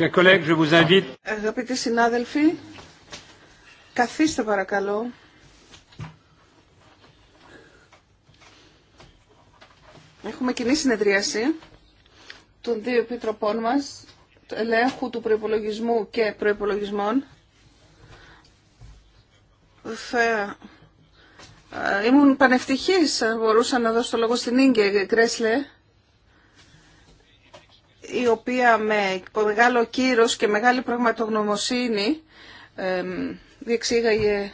Αγαπητοί συνάδελφοι, καθίστε παρακαλώ. Έχουμε κοινή συνεδρίαση των δύο επιτροπών μας, του ελέγχου του προϋπολογισμού και προϋπολογισμών. Θα... Ε, ήμουν πανευτυχής μπορούσα να δώσω το λόγο στην Ίγκε Γκρέσλε, η οποία με μεγάλο κύρος και μεγάλη πραγματογνωμοσύνη διεξήγαγε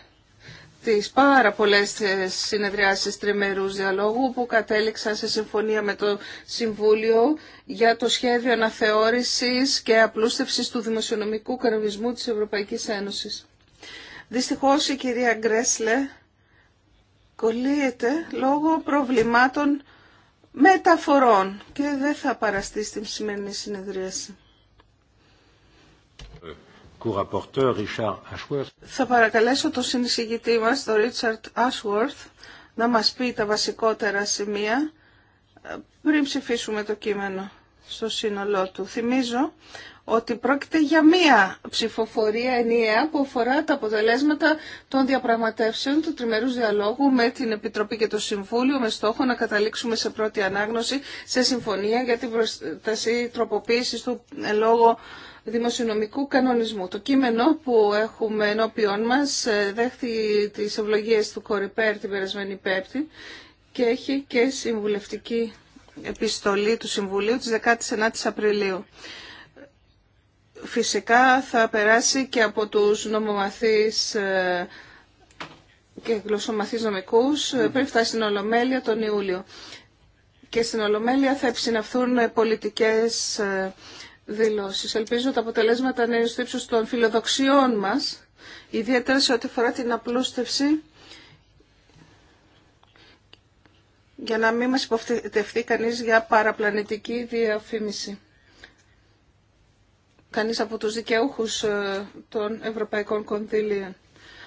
τις πάρα πολλές ε, συνεδριάσεις τριμερούς διαλόγου που κατέληξαν σε συμφωνία με το Συμβούλιο για το σχέδιο αναθεώρησης και απλούστευσης του δημοσιονομικού κανονισμού της Ευρωπαϊκής Ένωσης. Δυστυχώς η κυρία Γκρέσλε κολλείεται λόγω προβλημάτων μεταφορών και δεν θα παραστεί στην σημερινή συνεδρίαση. Θα παρακαλέσω τον συνεισηγητή μας, τον Ρίτσαρτ Άσουορθ, να μας πει τα βασικότερα σημεία ε, πριν ψηφίσουμε το κείμενο στο σύνολό του. Θυμίζω ότι πρόκειται για μία ψηφοφορία ενιαία που αφορά τα αποτελέσματα των διαπραγματεύσεων του τριμερούς διαλόγου με την Επιτροπή και το Συμβούλιο με στόχο να καταλήξουμε σε πρώτη ανάγνωση σε συμφωνία για την προστασία τροποποίησης του λόγω δημοσιονομικού κανονισμού. Το κείμενο που έχουμε ενώπιόν μας ε, δέχτη τις ευλογίες του Κορυπέρ την περασμένη Πέμπτη και έχει και συμβουλευτική επιστολή του Συμβουλίου της 19ης Απριλίου φυσικά θα περάσει και από τους νομομαθείς ε, και γλωσσομαθείς νομικούς ε, πριν φτάσει στην Ολομέλεια τον Ιούλιο. Και στην Ολομέλεια θα εψυναυθούν πολιτικές ε, δηλώσεις. Ελπίζω τα αποτελέσματα να είναι στο των φιλοδοξιών μας, ιδιαίτερα σε ό,τι αφορά την απλούστευση, για να μην μας υποφτευτεί κανείς για παραπλανητική διαφήμιση κανείς από τους δικαιούχους ε, των ευρωπαϊκών κονδύλιων.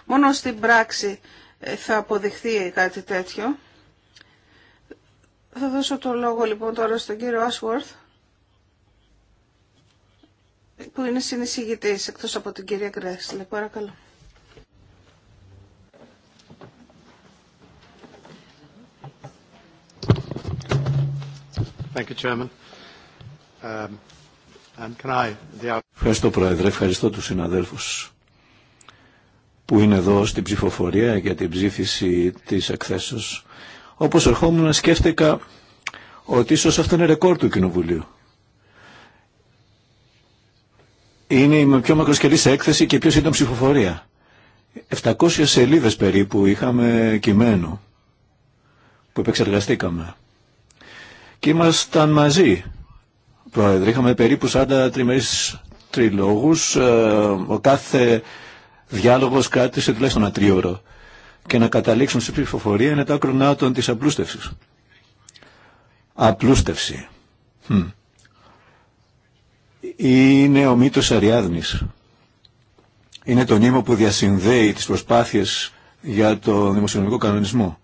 Μόνο στην πράξη ε, θα αποδειχθεί κάτι τέτοιο. Θα δώσω το λόγο λοιπόν τώρα στον κύριο Ashworth που είναι συνεισηγητής εκτός από την κυρία Γκρέσλε. Παρακαλώ. Thank you, Chairman. Um... Ευχαριστώ Πρόεδρε, ευχαριστώ τους συναδέλφους που είναι εδώ στην ψηφοφορία για την ψήφιση της εκθέσεως. Όπως ερχόμουν σκέφτηκα ότι ίσως αυτό είναι ρεκόρ του Κοινοβουλίου. Είναι η πιο μακροσκελής έκθεση και πιο σύντομη ψηφοφορία. 700 σελίδες περίπου είχαμε κειμένο που επεξεργαστήκαμε. Και ήμασταν μαζί Πρόεδρε, είχαμε περίπου 40 τριμερείς τριλόγους. Ε, ο κάθε διάλογος κάτι σε τουλάχιστον ένα τρίωρο. Και να καταλήξουν σε ψηφοφορία είναι τα κρονάτων της απλούστευσης. Απλούστευση. Hm. Είναι ο μύτος Αριάδνης. Είναι το νήμο που διασυνδέει τις προσπάθειες για το δημοσιονομικό κανονισμό.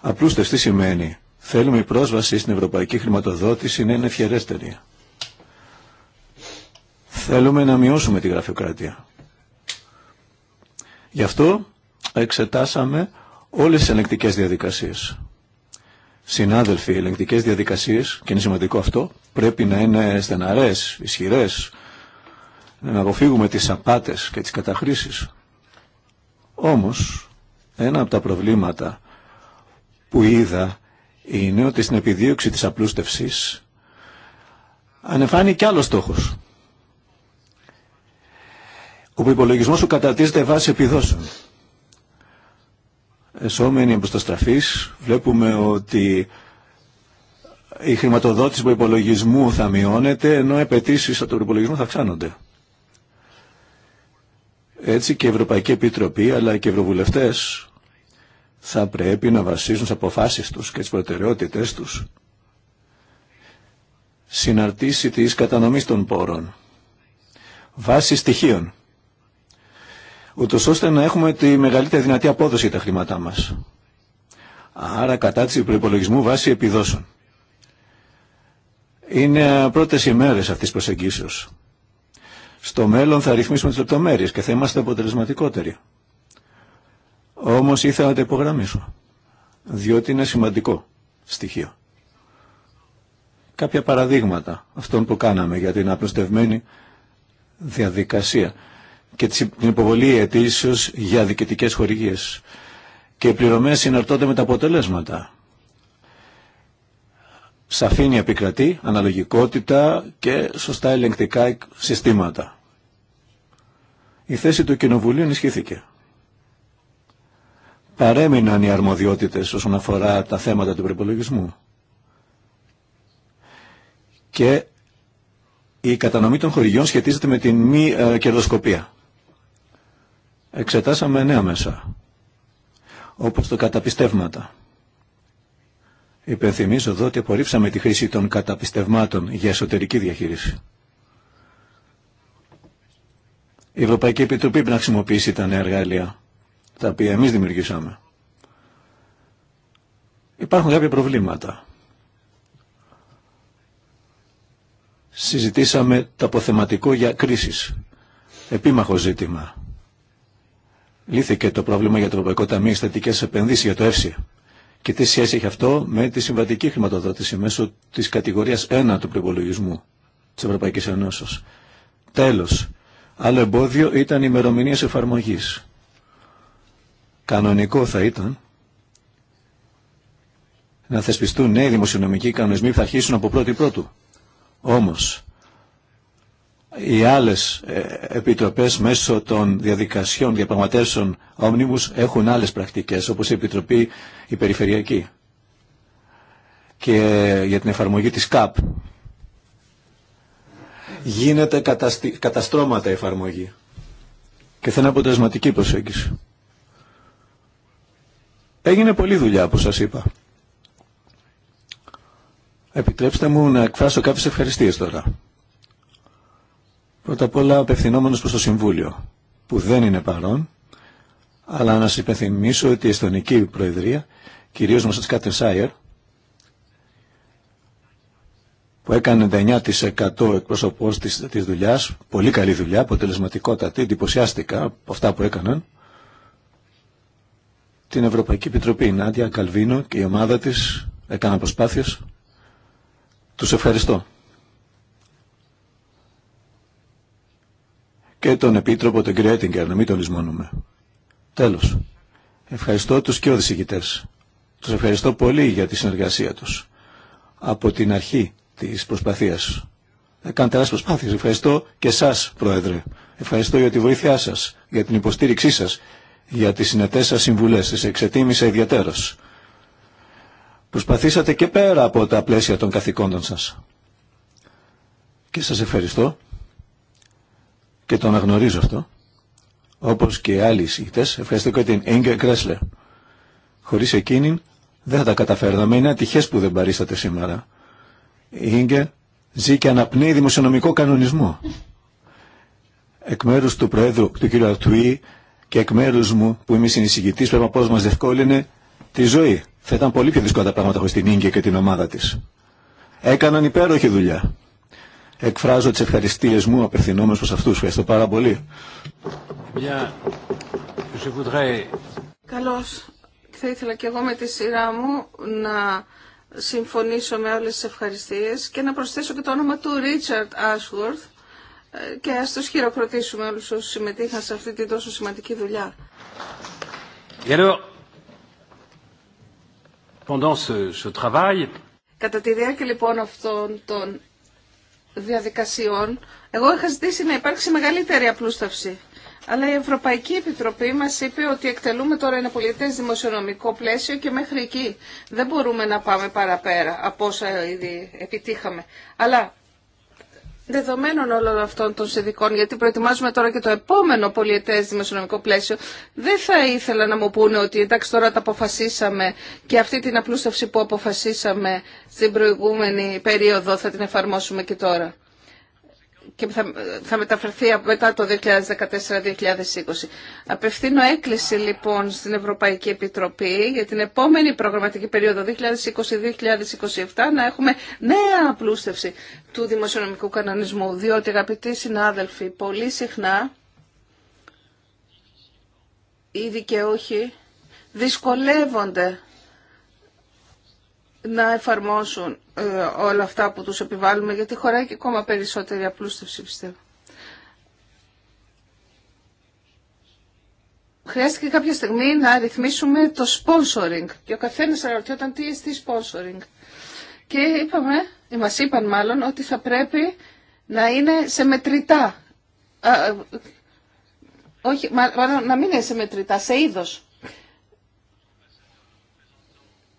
Απλούστευση τι σημαίνει Θέλουμε η πρόσβαση στην ευρωπαϊκή χρηματοδότηση να είναι ευχερέστερη. Θέλουμε να μειώσουμε τη γραφειοκρατία. Γι' αυτό εξετάσαμε όλες τις ελεγκτικές διαδικασίες. Συνάδελφοι, οι ελεγκτικές διαδικασίες, και είναι σημαντικό αυτό, πρέπει να είναι στεναρές, ισχυρές, να αποφύγουμε τις απάτες και τις καταχρήσεις. Όμως, ένα από τα προβλήματα που είδα είναι ότι στην επιδίωξη της απλούστευσης ανεφάνει κι άλλος στόχος. Ο υπολογισμός σου κατατίζεται βάσει επιδόσεων. Εσόμενοι στραφής βλέπουμε ότι η χρηματοδότηση του υπολογισμού θα μειώνεται ενώ οι απαιτήσει από τον υπολογισμό θα αυξάνονται. Έτσι και η Ευρωπαϊκή Επιτροπή αλλά και οι Ευρωβουλευτές θα πρέπει να βασίζουν τις αποφάσεις τους και τι προτεραιότητες τους συναρτήσει της κατανομής των πόρων βάσει στοιχείων ούτως ώστε να έχουμε τη μεγαλύτερη δυνατή απόδοση για τα χρήματά μας. Άρα κατάτηση προϋπολογισμού βάσει επιδόσεων. Είναι πρώτες ημέρες αυτής της προσεγγίσεως. Στο μέλλον θα ρυθμίσουμε τις λεπτομέρειες και θα είμαστε αποτελεσματικότεροι. Όμως ήθελα να το υπογραμμίσω, διότι είναι σημαντικό στοιχείο. Κάποια παραδείγματα αυτών που κάναμε για την απλουστευμένη διαδικασία και την υποβολή αιτήσεως για διοικητικές χορηγίες. Και οι πληρωμές συναρτώνται με τα αποτελέσματα. Σαφήνεια επικρατή, αναλογικότητα και σωστά ελεγκτικά συστήματα. Η θέση του Κοινοβουλίου ενισχύθηκε παρέμειναν οι αρμοδιότητες όσον αφορά τα θέματα του προπολογισμού. Και η κατανομή των χορηγιών σχετίζεται με την μη ε, κερδοσκοπία. Εξετάσαμε νέα μέσα, όπως το καταπιστεύματα. Υπενθυμίζω εδώ ότι απορρίψαμε τη χρήση των καταπιστευμάτων για εσωτερική διαχείριση. Η Ευρωπαϊκή Επιτροπή πρέπει να χρησιμοποιήσει τα νέα εργαλεία τα οποία εμείς δημιουργήσαμε. Υπάρχουν κάποια προβλήματα. Συζητήσαμε το αποθεματικό για κρίσεις. Επίμαχο ζήτημα. Λύθηκε το πρόβλημα για το Ευρωπαϊκό Ταμείο Στατικές Επενδύσεις για το ΕΦΣΙ. Και τι σχέση έχει αυτό με τη συμβατική χρηματοδότηση μέσω της κατηγορίας 1 του προπολογισμού της Ευρωπαϊκής Ενώσεως. Τέλος, άλλο εμπόδιο ήταν η ημερομηνία εφαρμογής. Κανονικό θα ήταν να θεσπιστούν νέοι δημοσιονομικοί κανονισμοί που θα αρχίσουν από πρώτη πρώτου. Όμως, οι άλλες ε, επιτροπές μέσω των διαδικασιών διαπραγματεύσεων όμνιμους έχουν άλλες πρακτικές, όπως η Επιτροπή η Περιφερειακή και για την εφαρμογή της ΚΑΠ. Γίνεται καταστρώματα εφαρμογή και είναι αποτελεσματική προσέγγιση. Έγινε πολλή δουλειά, όπως σας είπα. Επιτρέψτε μου να εκφράσω κάποιες ευχαριστίες τώρα. Πρώτα απ' όλα απευθυνόμενος προς το Συμβούλιο, που δεν είναι παρόν, αλλά να σας υπενθυμίσω ότι η Εστονική Προεδρία, κυρίως μας της Σάιερ, που έκανε 99% εκπροσωπός της, της δουλειάς, πολύ καλή δουλειά, αποτελεσματικότατη, εντυπωσιάστηκα από αυτά που έκαναν, την Ευρωπαϊκή Επιτροπή. Η Νάντια Καλβίνο και η ομάδα της έκαναν προσπάθειες. Τους ευχαριστώ. Και τον Επίτροπο, τον κύριο Έτιγκερ, να μην τον λησμονούμε. Τέλος. Ευχαριστώ τους και οδησηγητές. Τους ευχαριστώ πολύ για τη συνεργασία τους. Από την αρχή της προσπαθίας. Έκανε τεράστιες προσπάθειες. Ευχαριστώ και εσάς, Πρόεδρε. Ευχαριστώ για τη βοήθειά σας, για την υποστήριξή σας για τις συνετές σας συμβουλές. Τις εξετίμησα ιδιαίτερος. Προσπαθήσατε και πέρα από τα πλαίσια των καθηκόντων σας. Και σας ευχαριστώ και το αναγνωρίζω αυτό, όπως και άλλοι εισηγητές. Ευχαριστώ και την Inge Κρέσλε. Χωρίς εκείνη δεν θα τα καταφέρναμε. Είναι ατυχές που δεν παρήσατε σήμερα. Η Inge ζει και αναπνέει δημοσιονομικό κανονισμό. Εκ μέρους του Προέδρου, του κ. Αρτουή, και εκ μέρου μου που είμαι συνεισηγητή πρέπει να πω μα διευκόλυνε τη ζωή. Θα ήταν πολύ πιο δύσκολα τα πράγματα χωρί την γκια και την ομάδα τη. Έκαναν υπέροχη δουλειά. Εκφράζω τι ευχαριστίε μου απευθυνόμενο προ αυτού. Ευχαριστώ πάρα πολύ. Καλώ. Θα ήθελα και εγώ με τη σειρά μου να συμφωνήσω με όλες τις ευχαριστίες και να προσθέσω και το όνομα του Ρίτσαρτ Ashworth και ας τους χειροκροτήσουμε όλους όσους συμμετείχαν σε αυτή τη τόσο σημαντική δουλειά. Κατά τη διάρκεια λοιπόν αυτών των διαδικασιών, εγώ είχα ζητήσει να υπάρξει μεγαλύτερη απλούσταυση. Αλλά η Ευρωπαϊκή Επιτροπή μας είπε ότι εκτελούμε τώρα ένα πολιτές δημοσιονομικό πλαίσιο και μέχρι εκεί δεν μπορούμε να πάμε παραπέρα από όσα ήδη επιτύχαμε. Αλλά δεδομένων όλων αυτών των συνδικών, γιατί προετοιμάζουμε τώρα και το επόμενο πολιετές δημοσιονομικό πλαίσιο, δεν θα ήθελα να μου πούνε ότι εντάξει τώρα τα αποφασίσαμε και αυτή την απλούστευση που αποφασίσαμε στην προηγούμενη περίοδο θα την εφαρμόσουμε και τώρα και θα, μεταφερθεί μετά το 2014-2020. Απευθύνω έκκληση λοιπόν στην Ευρωπαϊκή Επιτροπή για την επόμενη προγραμματική περίοδο 2020-2027 να έχουμε νέα απλούστευση του δημοσιονομικού κανονισμού, διότι αγαπητοί συνάδελφοι, πολύ συχνά και όχι, δυσκολεύονται να εφαρμόσουν ε, όλα αυτά που τους επιβάλλουμε, γιατί χωράει και ακόμα περισσότερη απλούστευση, πιστεύω. Χρειάστηκε κάποια στιγμή να ρυθμίσουμε το sponsoring και ο καθένας αναρωτιόταν τι είναι sponsoring. Και είπαμε, ή μας είπαν μάλλον, ότι θα πρέπει να είναι σε μετρητά. Α, ε, όχι, μάλλον να μην είναι σε μετρητά, σε είδος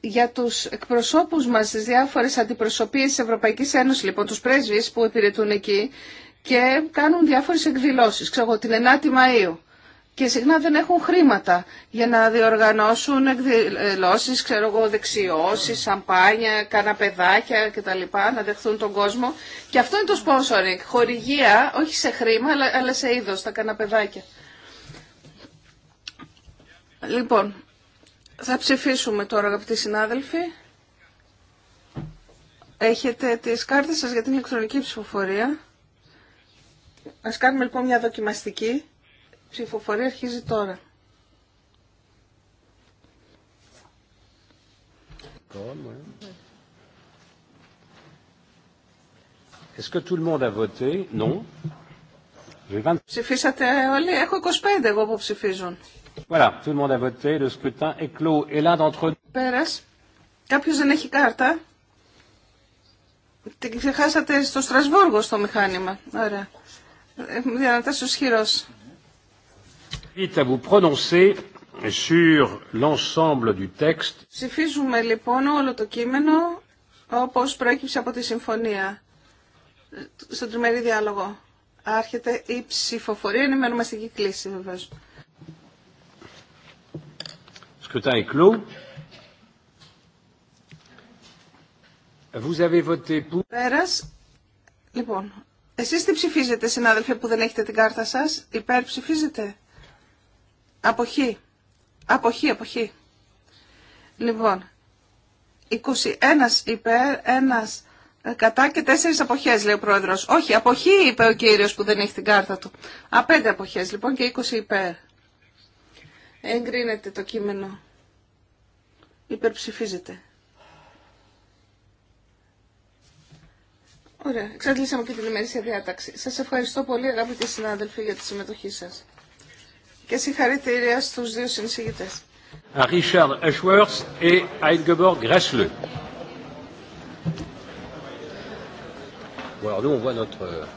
για τους εκπροσώπους μας στις διάφορες αντιπροσωπείες της Ευρωπαϊκής Ένωσης, λοιπόν, τους πρέσβεις που υπηρετούν εκεί και κάνουν διάφορες εκδηλώσεις, ξέρω εγώ, την 9η Μαΐου. Και συχνά δεν έχουν χρήματα για να διοργανώσουν εκδηλώσεις, ξέρω εγώ, δεξιώσεις, σαμπάνια, καναπεδάκια κτλ. Να δεχθούν τον κόσμο. Και αυτό είναι το sponsoring. Χορηγία, όχι σε χρήμα, αλλά σε είδος, τα καναπεδάκια. Λοιπόν, θα ψηφίσουμε τώρα, αγαπητοί συνάδελφοι. Έχετε τις κάρτες σας για την ηλεκτρονική ψηφοφορία. Ας κάνουμε λοιπόν μια δοκιμαστική. Η ψηφοφορία αρχίζει τώρα. Est-ce que tout le monde a voté Non. Ψηφίσατε όλοι. Έχω 25 εγώ που ψηφίζουν. Voilà, tout Πέρας. Κάποιος δεν έχει κάρτα. Την ξεχάσατε στο Στρασβούργο στο μηχάνημα. Ωραία. διανατάσει ο σχηρός. À Ψηφίζουμε λοιπόν όλο το κείμενο όπω προέκυψε από τη συμφωνία στον τριμερή διάλογο. Άρχεται η ψηφοφορία. Ενημερώνουμε στην κλίση βεβαίως. Scrutin Λοιπόν, εσείς τι ψηφίζετε, συνάδελφε, που δεν έχετε την κάρτα σας. Υπέρ ψηφίζετε. Αποχή. Αποχή, αποχή. Λοιπόν, 21 υπέρ, 1 Κατά και τέσσερις αποχέ, λέει ο πρόεδρος. Όχι, αποχή είπε ο κύριο που δεν έχει την κάρτα του. Α, πέντε λοιπόν και είκοσι υπέρ. Εγκρίνεται το κείμενο. Υπερψηφίζεται. Ωραία, εξαντλήσαμε και την ημερήσια διάταξη. Σας ευχαριστώ πολύ αγαπητοί συνάδελφοι για τη συμμετοχή σα. Και συγχαρητήρια στου δύο συνεισηγητέ. Richard Ashworth et Bon, alors nous, on voit notre